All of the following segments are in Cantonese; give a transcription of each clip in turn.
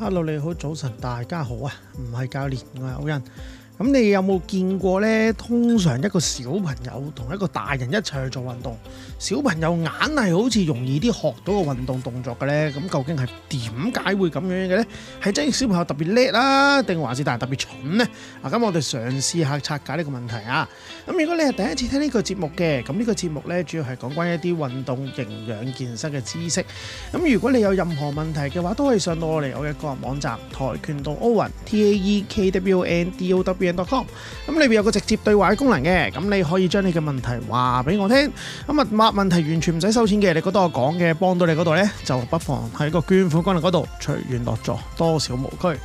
Hello，你好，早晨，大家好啊！唔係教練，我係 Owen。咁你有冇見過呢？通常一個小朋友同一個大人一齊去做運動，小朋友硬係好似容易啲學到個運動動作嘅呢？咁究竟係點解會咁樣嘅呢？係真係小朋友特別叻啦，定還是大人特別蠢呢？啊！咁我哋嘗試下拆解呢個問題啊！咁如果你係第一次聽呢個節目嘅，咁呢個節目呢主要係講關於一啲運動營養健身嘅知識。咁如果你有任何問題嘅話，都可以上到我嚟我嘅個人網站跆拳道 Owen T A E K W N D O W。咁裏邊有個直接對話嘅功能嘅，咁你可以將你嘅問題話俾我聽，咁啊問問題完全唔使收錢嘅，你覺得我講嘅幫到你嗰度呢，就不妨喺個捐款功能嗰度隨緣樂助，多少無拘，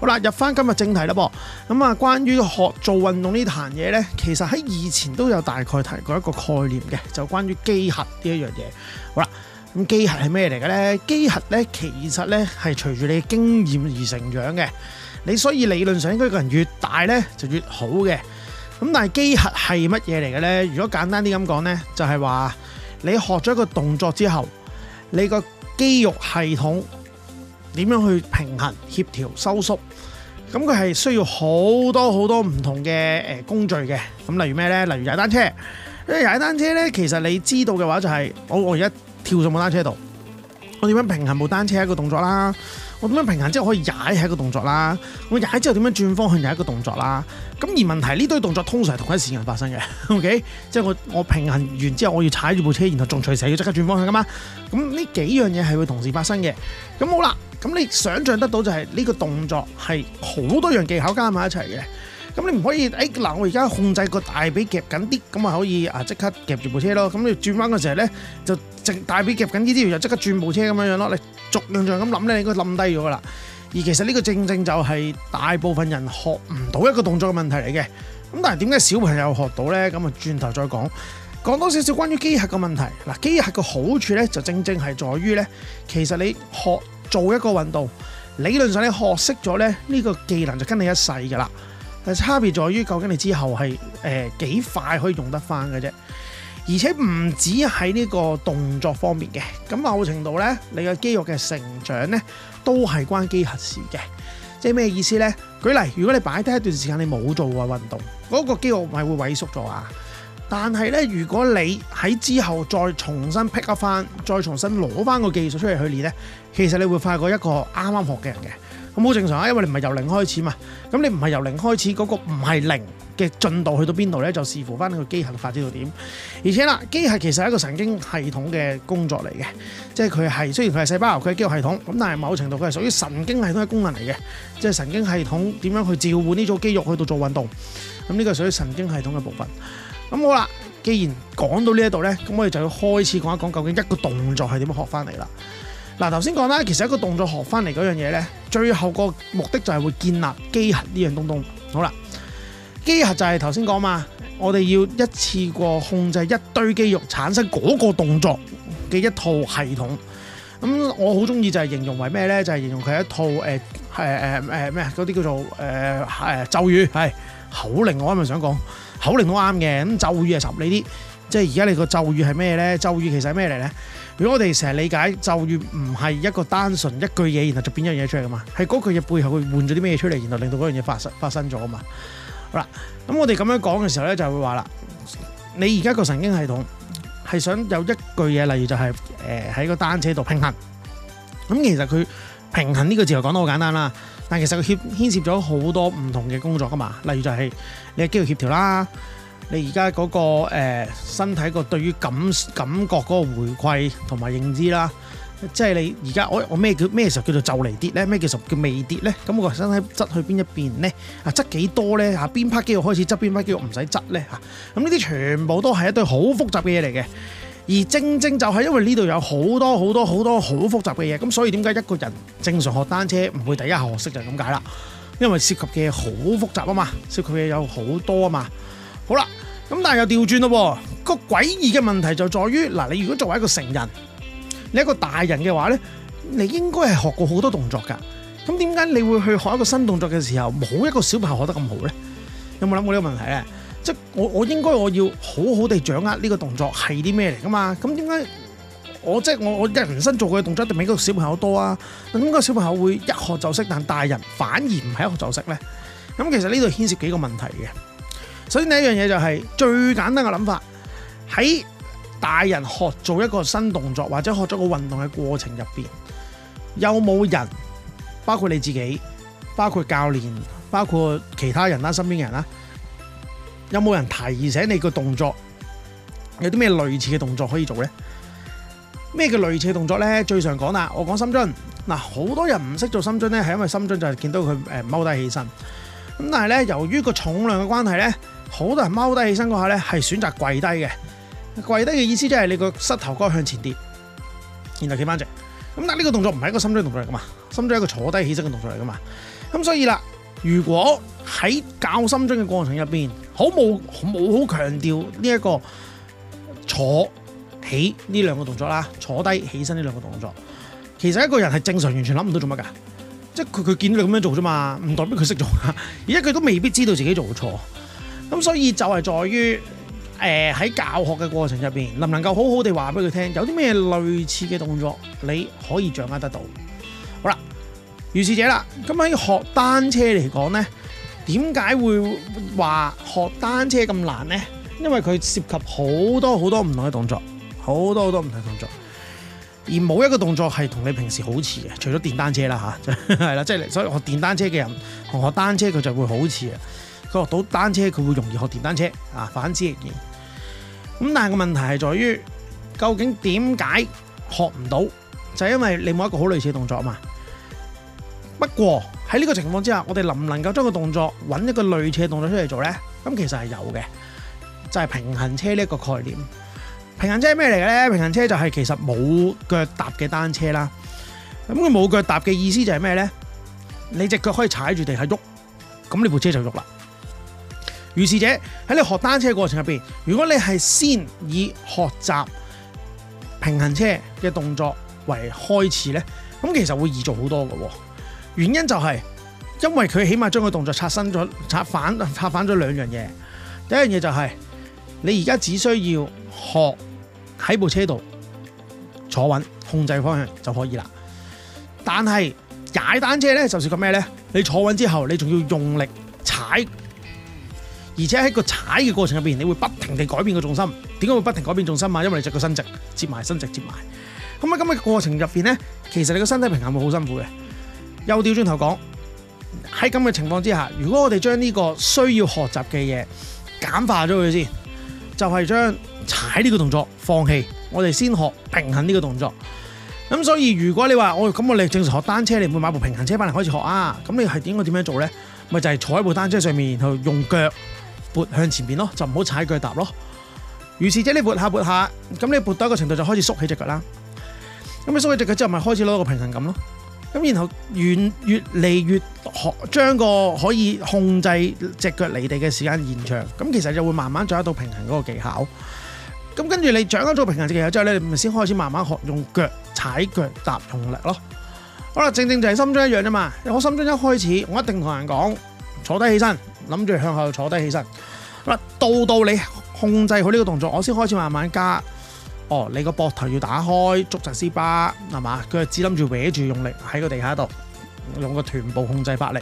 好啦，入翻今日正題啦噃，咁啊關於學做運動呢壇嘢呢，其實喺以前都有大概提過一個概念嘅，就關於機核呢一樣嘢。好啦，咁機核係咩嚟嘅呢？機核呢，其實呢係隨住你經驗而成長嘅。你所以理論上應該個人越大呢，就越好嘅，咁但係機核係乜嘢嚟嘅呢？如果簡單啲咁講呢，就係話你學咗一個動作之後，你個肌肉系統點樣去平衡、協調、收縮，咁佢係需要好多好多唔同嘅誒工具嘅。咁例如咩呢？例如踩單車，因為踩單車呢，其實你知道嘅話就係，我我而家跳上部單車度，我點樣平衡部單車一個動作啦。我點樣平衡之後可以踩係一個動作啦？我踩之後點樣轉方向又係一個動作啦？咁而問題呢堆動作通常係同一時間發生嘅，OK？即係我我平衡完之後，我要踩住部車，然後仲隨時要即刻轉方向噶嘛？咁呢幾樣嘢係會同時發生嘅。咁好啦，咁你想像得到就係呢個動作係好多樣技巧加埋一齊嘅。咁你唔可以誒嗱，我而家控制個大髀夾緊啲，咁咪可以啊即刻夾住部車咯。咁你轉彎嘅時候咧就大髀夾緊呢啲，就即刻轉部車咁樣樣咯，你。逐樣就咁諗咧，你應該冧低咗噶啦。而其實呢個正正就係大部分人學唔到一個動作嘅問題嚟嘅。咁但係點解小朋友學到呢？咁啊，轉頭再講，講多少少關於機械嘅問題。嗱，機械嘅好處呢，就正正係在於呢——其實你學做一個運動，理論上你學識咗咧，呢、呢個技能就跟你一世噶啦。但係差別在於，究竟你之後係誒、呃、幾快可以用得翻嘅啫。而且唔止喺呢個動作方面嘅，咁某程度呢，你嘅肌肉嘅成長呢都係關機核事嘅。即係咩意思呢？舉例，如果你擺低一段時間你冇做過運動，嗰、那個肌肉咪會萎縮咗啊！但係呢，如果你喺之後再重新 pick up 翻，再重新攞翻個技術出嚟去練呢，其實你會快過一個啱啱學嘅人嘅。咁好正常啊，因為你唔係由零開始嘛。咁你唔係由零開始嗰、那個唔係零。嘅進度去到邊度呢？就視乎翻呢個機械發展到點。而且啦，機械其實係一個神經系統嘅工作嚟嘅，即係佢係，雖然佢係細胞，佢係肌肉系統，咁但係某程度佢係屬於神經系統嘅功能嚟嘅，即係神經系統點樣去召喚呢組肌肉去到做運動。咁呢個是屬於神經系統嘅部分。咁好啦，既然講到呢一度呢，咁我哋就要開始講一講究竟一個動作係點樣學翻嚟啦。嗱，頭先講啦，其實一個動作學翻嚟嗰樣嘢呢，最後一個目的就係會建立機械呢樣東東。好啦。機核就係頭先講嘛，我哋要一次過控制一堆肌肉產生嗰個動作嘅一套系統。咁我好中意就係形容為咩咧？就係、係、形容佢一套誒誒誒誒咩，嗰啲叫做誒誒、呃呃、咒語、係口令，我唔係想講。我啱咪想講口令都啱嘅。咁咒語係十你啲，即係而家你個咒語係咩咧？咒語其實係咩嚟咧？如果我哋成日理解咒語唔係一個單純一句嘢，然後就變咗一樣嘢出嚟噶嘛？係嗰句嘢背後佢換咗啲咩出嚟，然後令到嗰樣嘢發生發生咗啊嘛？好啦，咁我哋咁樣講嘅時候咧，就會話啦，你而家個神經系統係想有一句嘢，例如就係誒喺個單車度平衡。咁其實佢平衡呢個字又講得好簡單啦，但其實佢牽牽涉咗好多唔同嘅工作噶嘛，例如就係你嘅肌肉協調啦，你而家嗰個誒、呃、身體個對於感感覺嗰個回饋同埋認知啦。即係你而家我我咩叫咩時候叫做就嚟跌咧？咩叫做叫未跌咧？咁我個身體執去邊一邊咧？啊，執幾多咧？吓，邊 part 肌肉開始執，邊 part 肌肉唔使執咧？吓，咁呢啲全部都係一堆好複雜嘅嘢嚟嘅。而正正就係因為呢度有好多好多好多好複雜嘅嘢，咁所以點解一個人正常學單車唔會第一學識就咁解啦？因為涉及嘅好複雜啊嘛，涉及嘅有好多啊嘛。好啦，咁但係又調轉咯，個詭異嘅問題就在於嗱，你如果作為一個成人。你一個大人嘅話咧，你應該係學過好多動作㗎。咁點解你會去學一個新動作嘅時候，冇一個小朋友學得咁好咧？有冇諗過呢個問題咧？即係我我應該我要好好地掌握呢個動作係啲咩嚟㗎嘛？咁點解我即係我我人生做過嘅動作一定比嗰個小朋友多啊？咁個小朋友會一學就識，但大人反而唔係一學就識咧？咁其實呢度牽涉幾個問題嘅。首先第一樣嘢就係最簡單嘅諗法喺。大人學做一個新動作，或者學咗個運動嘅過程入邊，有冇人？包括你自己，包括教練，包括其他人啦、啊，身邊嘅人啦，有冇人提醒你個動作？有啲咩類似嘅動作可以做呢？咩叫類似嘅動作呢？最常講啦，我講深蹲嗱，好多人唔識做深蹲呢，係因為深蹲就係見到佢誒踎低起身。咁但係呢，由於個重量嘅關係呢，好多人踎低起身嗰下呢，係選擇跪低嘅。跪低嘅意思即係你個膝頭哥向前跌，然後企翻直。咁但係呢個動作唔係一個深蹲動作嚟噶嘛，深蹲係一個坐低起身嘅動作嚟噶嘛。咁所以啦，如果喺教深蹲嘅過程入邊，好冇冇好強調呢、這、一個坐起呢兩個動作啦，坐低起身呢兩個動作，其實一個人係正常完全諗唔到做乜噶，即係佢佢見到你咁樣做啫嘛，唔代表佢識做，而家佢都未必知道自己做錯。咁所以就係在於。誒喺、呃、教學嘅過程入邊，能唔能夠好好地話俾佢聽？有啲咩類似嘅動作你可以掌握得到？好啦，如是者啦，咁喺學單車嚟講呢，點解會話學單車咁難呢？因為佢涉及好多好多唔同嘅動作，好多好多唔同動作，而冇一個動作係同你平時好似嘅，除咗電單車啦吓，係、啊、啦，即、就、係、是、所以學電單車嘅人同學單車佢就會好似啊，佢學到單車佢會容易學電單車啊，反之亦然。咁但係個問題係在於，究竟點解學唔到？就係因為你冇一個好類似嘅動作啊嘛。不過喺呢個情況之下，我哋能唔能夠將個動作揾一個類似嘅動作出嚟做呢？咁其實係有嘅，就係平衡車呢個概念。平衡車係咩嚟嘅呢？平衡車就係其實冇腳踏嘅單車啦。咁佢冇腳踏嘅意思就係咩呢？你隻腳可以踩住地下喐，咁你部車就喐啦。如是者喺你學單車的過程入邊，如果你係先以學習平衡車嘅動作為開始呢，咁其實會易做好多嘅。原因就係、是、因為佢起碼將個動作拆分咗、拆反、拆反咗兩樣嘢。第一樣嘢就係、是、你而家只需要學喺部車度坐穩、控制方向就可以啦。但係踩單車呢，就係個咩呢？你坐穩之後，你仲要用力踩。而且喺個踩嘅過程入邊，你會不停地改變個重心。點解會不停地改變重心呀？因為你隻個伸直，接埋伸直，接埋。咁喺咁嘅過程入邊呢，其實你個身體平衡會好辛苦嘅。又掉轉頭講，喺咁嘅情況之下，如果我哋將呢個需要學習嘅嘢簡化咗佢先，就係將踩呢個動作放棄，我哋先學平衡呢個動作。咁所以如果你話、哦、我咁我哋正常學單車，你會買部平衡車翻嚟開始學啊？咁你係點我點樣做呢？咪就係、是、坐喺部單車上面，然後用腳。撥向前邊咯，就唔好踩腳踏咯。如是者，你撥下撥下，咁你撥到一個程度就開始縮起隻腳啦。咁你縮起隻腳之後，咪開始攞個平衡感咯。咁然後越越嚟越學，將個可以控制隻腳離地嘅時間延長。咁其實就會慢慢掌握到平衡嗰個技巧。咁跟住你掌握咗平衡技巧之後，你咪先開始慢慢學用腳踩腳踏用力咯。好啦，正正就係心中一樣啫嘛。我心中一開始，我一定同人講。坐低起身，諗住向後坐低起身，到到你控制好呢個動作，我先開始慢慢加。哦，你個膊頭要打開，捉集斯巴，係嘛？佢係只諗住歪住用力喺個地下度，用個臀部控制發力。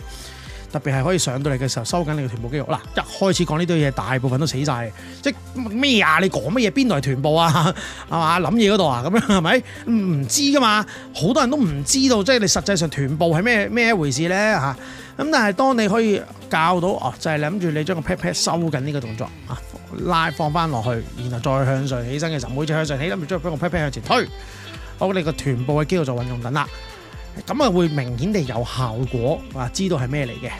特別係可以上到嚟嘅時候，收緊你嘅臀部肌肉。嗱，一開始講呢堆嘢，大部分都死晒，即係咩啊？你講乜嘢？邊度係臀部啊？係嘛？諗嘢嗰度啊？咁樣係咪唔知㗎嘛？好多人都唔知道，即係你實際上臀部係咩咩一回事咧嚇。咁但係當你可以教到哦，就係諗住你將個 pat pat 收緊呢個動作啊，拉放翻落去，然後再向上起身嘅時候，每次向上起身，諗住將個 pat pat 向前推，好，你個個臀部嘅肌肉就運用緊啦。咁啊，就會明顯地有效果啊，知道係咩嚟嘅。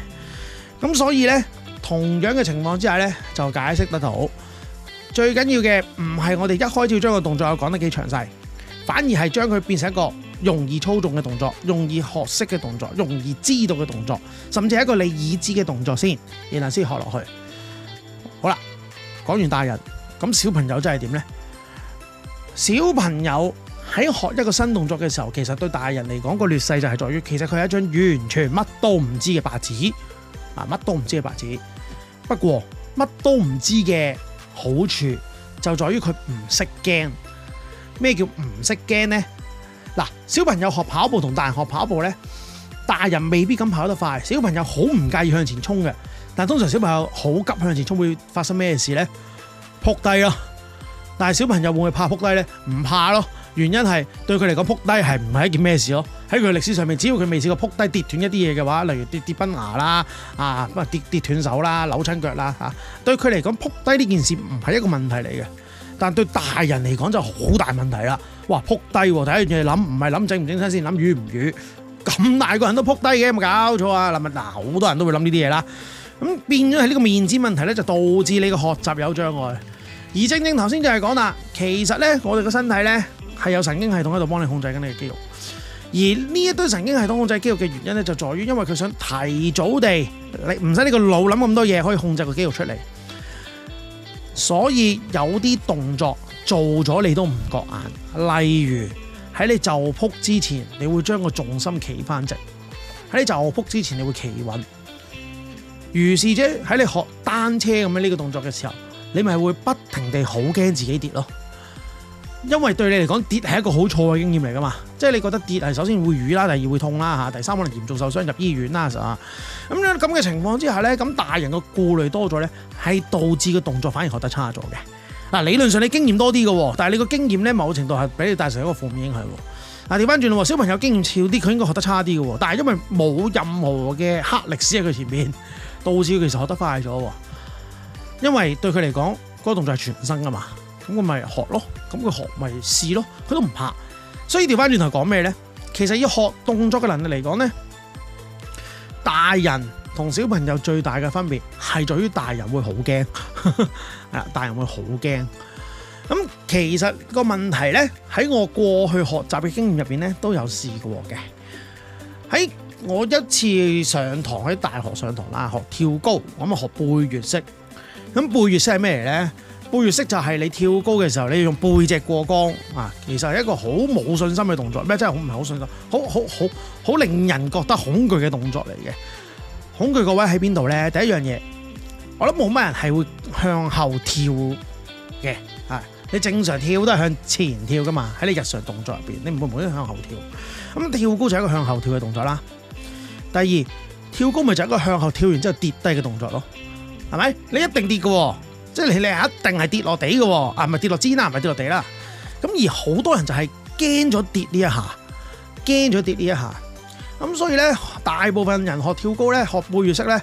咁所以呢，同樣嘅情況之下呢，就解釋得到。最緊要嘅唔係我哋一開始將個動作講得幾詳細，反而係將佢變成一個容易操縱嘅動作，容易學識嘅動作，容易知道嘅動作，甚至係一個你已知嘅動作先，然後先學落去。好啦，講完大人，咁小朋友真係點呢？小朋友。喺學一個新動作嘅時候，其實對大人嚟講個劣勢就係在於，其實佢係一張完全乜都唔知嘅白紙啊，乜都唔知嘅白紙。不過乜都唔知嘅好處就在於佢唔識驚。咩叫唔識驚呢？嗱，小朋友學跑步同大人學跑步呢，大人未必咁跑得快，小朋友好唔介意向前衝嘅。但通常小朋友好急向前衝會發生咩事呢？扑低咯。但係小朋友會唔會怕扑低呢？唔怕咯。原因係對佢嚟講，撲低係唔係一件咩事咯？喺佢歷史上面，只要佢未試過撲低跌斷一啲嘢嘅話，例如跌跌崩牙啦，啊咁啊跌跌斷手啦，扭親腳啦嚇、啊，對佢嚟講撲低呢件事唔係一個問題嚟嘅。但對大人嚟講就好大問題啦！哇，撲低第一樣嘢諗唔係諗整唔整身先，諗瘀唔瘀咁大個人都撲低嘅，有冇搞錯啊？嗱嗱，好多人都會諗呢啲嘢啦，咁變咗係呢個面子問題咧，就導致你嘅學習有障礙。而正正頭先就係講啦，其實咧我哋個身體咧。係有神經系統喺度幫你控制緊你嘅肌肉，而呢一堆神經系統控制肌肉嘅原因咧，就是在於因為佢想提早地，不用你唔使你個腦諗咁多嘢，可以控制個肌肉出嚟。所以有啲動作做咗你都唔覺眼，例如喺你就撲之前，你會將個重心企返直；喺你就撲之前，你會企穩。如是啫，喺你學單車咁樣呢個動作嘅時候，你咪會不停地好驚自己跌咯。因為對你嚟講，跌係一個好錯嘅經驗嚟噶嘛，即係你覺得跌係首先會瘀啦，第二會痛啦吓，第三可能嚴重受傷入醫院啦啊，咁樣咁嘅情況之下咧，咁大人嘅顧慮多咗咧，係導致個動作反而學得差咗嘅。嗱，理論上你經驗多啲嘅，但係你個經驗咧，某程度係俾你帶嚟一個負面影響。嗱，調翻轉咯，小朋友經驗少啲，佢應該學得差啲嘅，但係因為冇任何嘅黑歷史喺佢前面，導致佢其實學得快咗。因為對佢嚟講，嗰個動作係全新噶嘛。咁佢咪學咯，咁佢學咪試咯，佢都唔怕。所以調翻轉頭講咩咧？其實以學動作嘅能力嚟講咧，大人同小朋友最大嘅分別係在於大人會好驚， 大人會好驚。咁其實個問題咧，喺我過去學習嘅經驗入邊咧，都有試過嘅。喺我一次上堂喺大學上堂啦，學跳高，咁啊學背月式。咁背月式係咩嚟咧？背越式就係你跳高嘅時候，你要用背脊過桿。啊，其實係一個好冇信心嘅動作。咩真係好唔係好信心，好好好好令人覺得恐懼嘅動作嚟嘅。恐懼個位喺邊度咧？第一樣嘢，我諗冇乜人係會向後跳嘅，係你正常跳都係向前跳噶嘛。喺你日常動作入邊，你唔會唔會向後跳。咁跳高就係一個向後跳嘅動作啦。第二，跳高咪就係一個向後跳完之後跌低嘅動作咯，係咪？你一定跌嘅喎、哦。即係你你係一定係跌落地嘅喎，啊唔係跌落支啦，唔係跌落地啦。咁而好多人就係驚咗跌呢一下，驚咗跌呢一下。咁所以咧，大部分人學跳高咧，學背越式咧，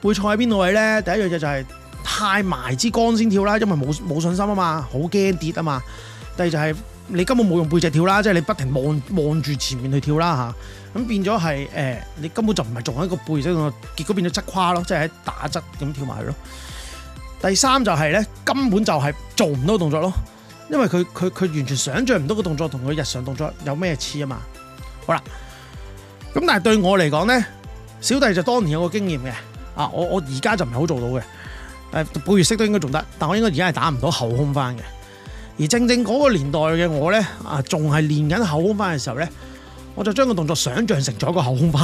會錯喺邊度位咧？第一樣嘢就係太埋支杆先跳啦，因為冇冇信心啊嘛，好驚跌啊嘛。第二就係你根本冇用背脊跳啦，即係你不停望望住前面去跳啦吓，咁變咗係誒，你根本就唔係仲喺個背脊度，結果變咗側跨咯，即係喺打側咁跳埋去咯。第三就係、是、咧，根本就係做唔到動作咯，因為佢佢佢完全想像唔到個動作同佢日常動作有咩似啊嘛。好啦，咁但係對我嚟講咧，小弟就當年有個經驗嘅，啊我我而家就唔係好做到嘅，誒、呃、背越式都應該仲得，但我應該而家係打唔到後空翻嘅。而正正嗰個年代嘅我咧，啊仲係練緊後空翻嘅時候咧，我就將個動作想像成咗個後空翻，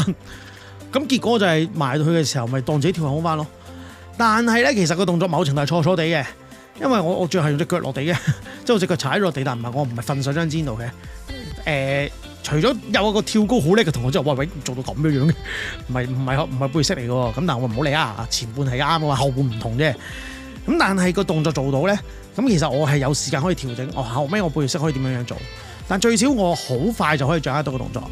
咁 結果就係埋到去嘅時候，咪當自己跳後空翻咯。但係咧，其實個動作某程度係錯錯地嘅，因為我最後是用的、就是、我最係用隻腳落地嘅，即係我隻腳踩落地，但唔係我唔係瞓上張紙度嘅。誒、呃，除咗有一個跳高好叻嘅同學之後，話，喂，做到咁樣樣嘅，唔係唔係唔係背式嚟嘅喎。咁但係我唔好理啊，前半係啱嘅，後半唔同啫。咁但係個動作做到咧，咁其實我係有時間可以調整，我後尾我背式可以點樣樣做，但最少我好快就可以掌握到個動作。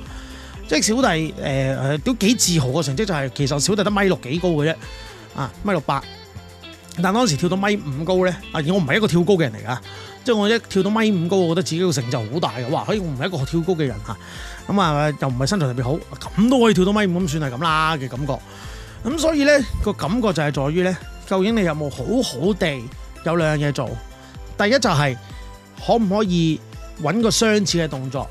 即係小弟誒都幾自豪嘅成績就係、是，其實小弟得米六幾高嘅啫。啊，米六八，但當時跳到米五高咧，啊，我唔係一個跳高嘅人嚟噶，即、就、係、是、我一跳到米五高，我覺得自己個成就好大嘅，哇，所以我唔係一個跳高嘅人吓，咁啊，啊又唔係身材特別好，咁、啊、都可以跳到米五，咁算係咁啦嘅感覺，咁所以咧、那個感覺就係在於咧，究竟你有冇好好地有兩樣嘢做，第一就係、是、可唔可以揾個相似嘅動作，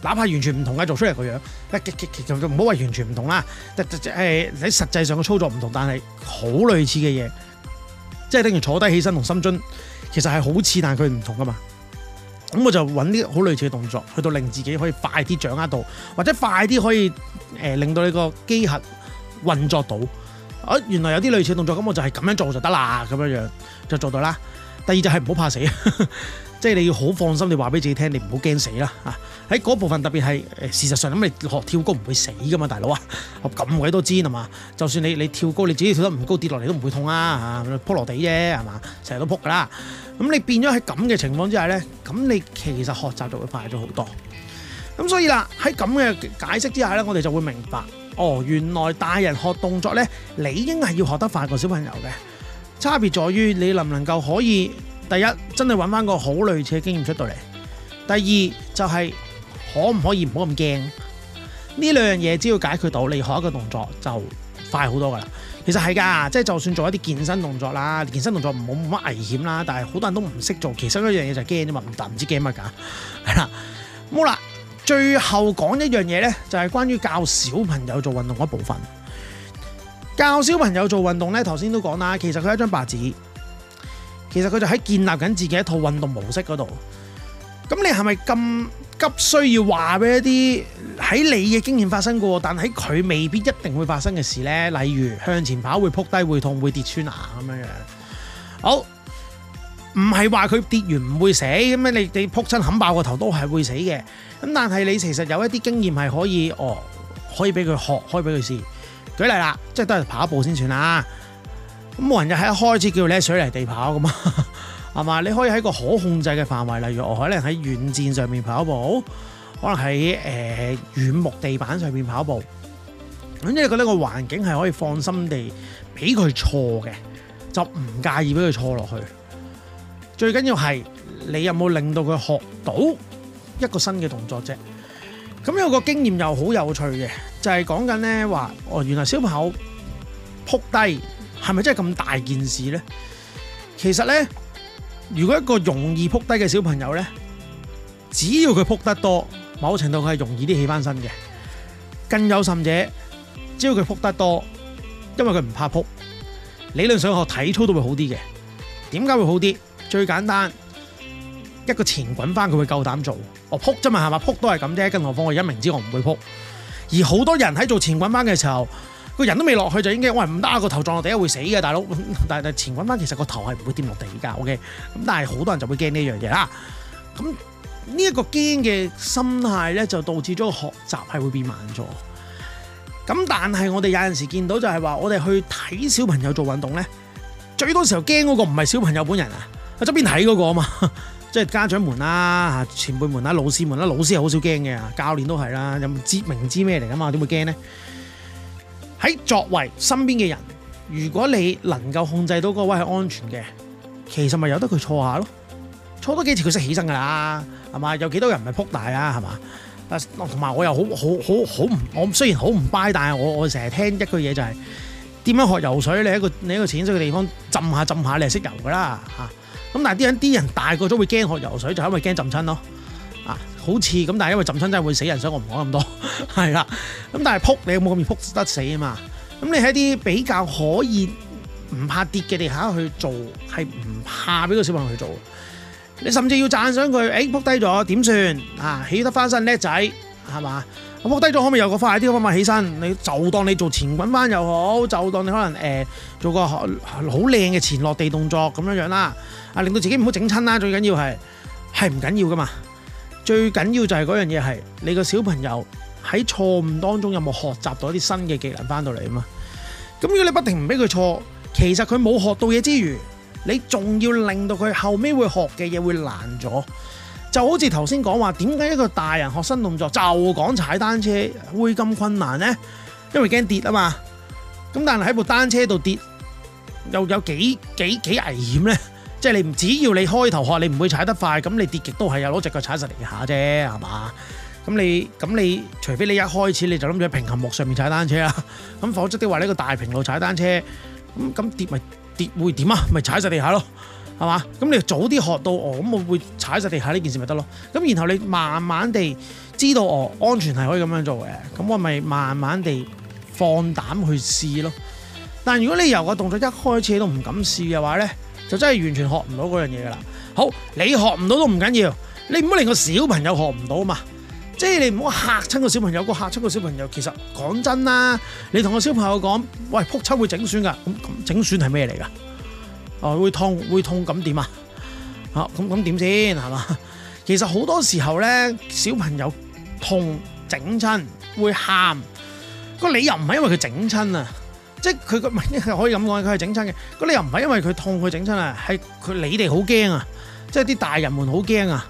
哪怕完全唔同嘅做出嚟個樣。其實就唔好話完全唔同啦，就係喺實際上嘅操作唔同，但係好類似嘅嘢，即係等於坐低起身同深蹲，其實係好似，但係佢唔同噶嘛。咁我就揾啲好類似嘅動作，去到令自己可以快啲掌握到，或者快啲可以誒令到你個機械運作到。啊，原來有啲類似嘅動作，咁我就係咁樣做就得啦，咁樣樣就做到啦。第二就係唔好怕死。 即係你要好放心，你話俾自己聽，你唔好驚死啦嚇！喺嗰部分特別係事實上咁你學跳高唔會死噶嘛，大佬啊，咁鬼都知係嘛？就算你你跳高，你自己跳得唔高，跌落嚟都唔會痛啊嚇，撲落地啫係嘛？成日都撲㗎啦。咁你變咗喺咁嘅情況之下咧，咁你其實學習就會快咗好多。咁所以啦，喺咁嘅解釋之下咧，我哋就會明白，哦，原來大人學動作咧，理應係要學得快過小朋友嘅，差別在於你能唔能夠可以。第一，真係揾翻個好類似嘅經驗出到嚟，第二就係可唔可以唔好咁驚？呢兩樣嘢只要解決到，你學一個動作就快好多噶啦。其實係噶，即係就算做一啲健身動作啦，健身動作唔好乜危險啦，但係好多人都唔識做，其實嗰樣嘢就驚啫嘛，但唔知驚乜噶係啦。好啦，最後講一樣嘢呢，就係關於教小朋友做運動嗰部分。教小朋友做運動呢，頭先都講啦，其實佢係一張白紙。其實佢就喺建立緊自己一套運動模式嗰度，咁你係咪咁急需要話俾一啲喺你嘅經驗發生過，但喺佢未必一定會發生嘅事呢？例如向前跑會撲低、會痛、會跌穿牙咁樣樣。好，唔係話佢跌完唔會死咁樣，你你撲親冚爆個頭都係會死嘅。咁但係你其實有一啲經驗係可以，哦，可以俾佢學，可以俾佢試。舉例啦，即係都係跑一步先算啦。咁冇人又係一開始叫你水泥地跑噶嘛，係嘛？你可以喺個可控制嘅範圍，例如我可能喺軟墊上面跑步，可能喺誒、呃、軟木地板上面跑步。咁之，你覺得個環境係可以放心地俾佢錯嘅，就唔介意俾佢錯落去。最緊要係你有冇令到佢學到一個新嘅動作啫？咁有個經驗又好有趣嘅，就係講緊咧話哦，原來小朋友撲低。係咪真係咁大件事咧？其實咧，如果一個容易撲低嘅小朋友咧，只要佢撲得多，某程度佢係容易啲起翻身嘅。更有甚者，只要佢撲得多，因為佢唔怕撲，理論上學體操都會好啲嘅。點解會好啲？最簡單，一個前滾翻佢會夠膽做。我撲啫嘛，係咪撲都係咁啫。更何況我一明知我唔會撲，而好多人喺做前滾翻嘅時候。個人都未落去就已經驚，我係唔得啊！個頭撞落地會死嘅，大佬。但係前滾翻，其實個頭係唔會掂落地噶。OK，咁但係好多人就會驚呢樣嘢啦。咁呢一個驚嘅心態咧，就導致咗學習係會變慢咗。咁但係我哋有陣時見到就係話，我哋去睇小朋友做運動咧，最多時候驚嗰個唔係小朋友本人啊，喺側邊睇嗰個啊嘛， 即係家長們啦、前輩們啦、老師們啦，老師好少驚嘅，教練都係啦，又知明知咩嚟噶嘛，點會驚呢？喺作為身邊嘅人，如果你能夠控制到個位係安全嘅，其實咪由得佢坐下咯，坐多幾次佢識起身㗎啦，係嘛？有幾多人唔係撲大啊？係嘛？啊，同埋我又好好好好唔，我雖然好唔 b 但係我我成日聽一句嘢就係、是、點樣學游水？你喺個你喺個淺水嘅地方浸下浸下，你就的，你係識游㗎啦嚇。咁但係啲人啲人大個咗會驚學游水，就係因為驚浸親咯。啊，好似咁，但係因為浸親真係會死人，所以我唔講咁多，係啦。咁但係撲你有冇咁易撲得死啊嘛。咁你喺啲比較可以唔怕跌嘅地下去做，係唔怕俾個小朋友去做。你甚至要讚賞佢，誒、欸、撲低咗點算啊？起得翻身叻仔係嘛？撲低咗可唔可以有個快啲嘅方法起身？你就當你做前滾翻又好，就當你可能誒、呃、做個好靚嘅前落地動作咁樣樣啦。啊，令到自己唔好整親啦，最緊要係係唔緊要噶嘛。最緊要就係嗰樣嘢係你個小朋友喺錯誤當中有冇學習到啲新嘅技能翻到嚟啊嘛？咁如果你不停唔俾佢錯，其實佢冇學到嘢之餘，你仲要令到佢後尾會學嘅嘢會難咗。就好似頭先講話，點解一個大人學新動作就講踩單車會咁困難呢？因為驚跌啊嘛。咁但係喺部單車度跌，又有幾幾幾危險呢？即係你唔，只要你開頭學，你唔會踩得快，咁你跌極都係有攞隻腳踩實地下啫，係嘛？咁你咁，你除非你一開始你就諗住喺平衡木上面踩單車啊，咁否則的話，呢個大平路踩單車，咁咁跌咪跌會點啊？咪踩實地下咯，係嘛？咁你早啲學到我，咁、哦、我會踩實地下呢件事咪得咯？咁然後你慢慢地知道我、哦、安全係可以咁樣做嘅，咁我咪慢慢地放膽去試咯。但如果你由個動作一開始都唔敢試嘅話咧？就真係完全學唔到嗰樣嘢㗎喇。好，你學唔到都唔緊要，你唔好令個小朋友學唔到啊嘛。即係你唔好嚇親個小朋友，個嚇親個小朋友其實講真啦，你同個小朋友講，喂，撲親會整損㗎，咁咁整損係咩嚟㗎？哦，會痛會痛咁點啊？啊，咁咁點先係嘛？其實好多時候咧，小朋友痛整親會喊，個理由唔係因為佢整親啊？即係佢個唔係可以咁講，佢係整親嘅。咁你又唔係因為佢痛佢整親啊？係佢你哋好驚啊！即係啲大人們好驚啊！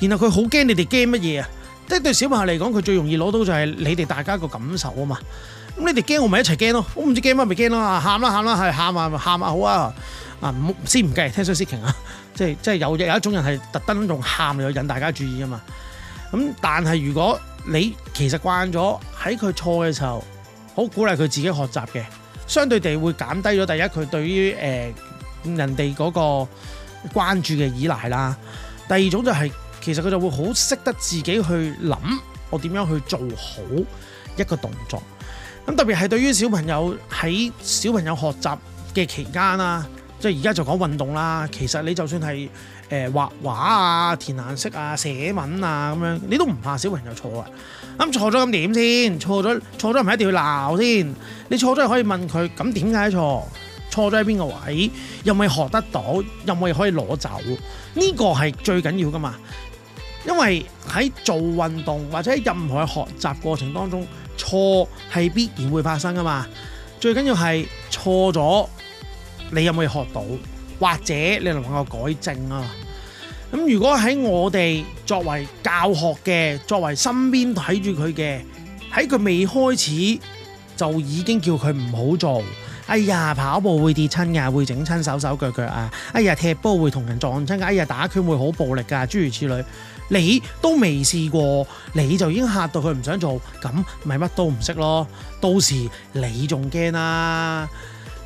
然後佢好驚，你哋驚乜嘢啊？即係對小朋友嚟講，佢最容易攞到就係你哋大家個感受啊嘛。咁你哋驚，我咪一齊驚咯。我唔知驚乜咪驚咯，喊啦喊啦，係喊啊喊啊好啊啊！唔先唔計，聽衰先傾啊。即係即係有有一種人係特登用喊嚟引大家注意啊嘛。咁但係如果你其實慣咗喺佢錯嘅時候，好鼓勵佢自己學習嘅。相對地會減低咗第一，佢對於、呃、人哋嗰個關注嘅依賴啦。第二種就係、是、其實佢就會好識得自己去諗，我點樣去做好一個動作。咁特別係對於小朋友喺小朋友學習嘅期間啦。即係而家就講運動啦，其實你就算係誒、呃、畫畫啊、填顏色啊、寫文啊咁樣，你都唔怕小朋友錯啊。咁錯咗咁點先？錯咗錯咗唔係一定要鬧先。你錯咗可以問佢，咁點解錯？錯咗喺邊個位？又咪學得到？又咪可以攞走？呢個係最緊要噶嘛。因為喺做運動或者任何學習過程當中，錯係必然會發生噶嘛。最緊要係錯咗。你有冇嘢學到，或者你能夠改正啊？咁如果喺我哋作為教學嘅，作為身邊睇住佢嘅，喺佢未開始就已經叫佢唔好做，哎呀跑步會跌親㗎，會整親手手腳腳啊，哎呀踢波會同人撞親，哎呀打拳會好暴力㗎，諸如此類，你都未試過，你就已經嚇到佢唔想做，咁咪乜都唔識咯，到時你仲驚啊。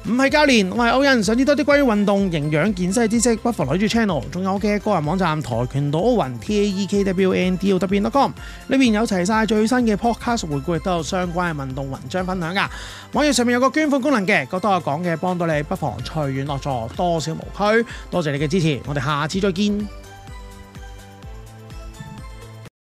唔係教練，我係歐仁，想知多啲關於運動、營養、健身嘅知識，不妨睇住 channel，仲有我嘅個人網站跆拳道歐雲 taekwondowen.com 裏邊有齊晒最新嘅 podcast 回顧，亦都有相關嘅運動文章分享噶。網頁上面有個捐款功能嘅，覺得我講嘅幫到你，不妨隨緣樂助，多少無拘。多謝你嘅支持，我哋下次再見。